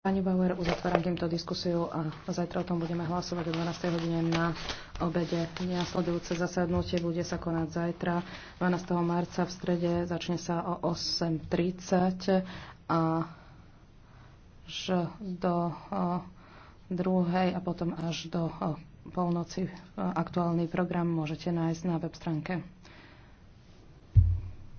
Pani Bauer, uzatváram týmto diskusiu a zajtra o tom budeme hlasovať o 12. hodine na obede. Nasledujúce zasadnutie bude sa konať zajtra 12. marca v strede. Začne sa o 8.30 a do druhej a potom až do polnoci aktuálny program môžete nájsť na web stránke.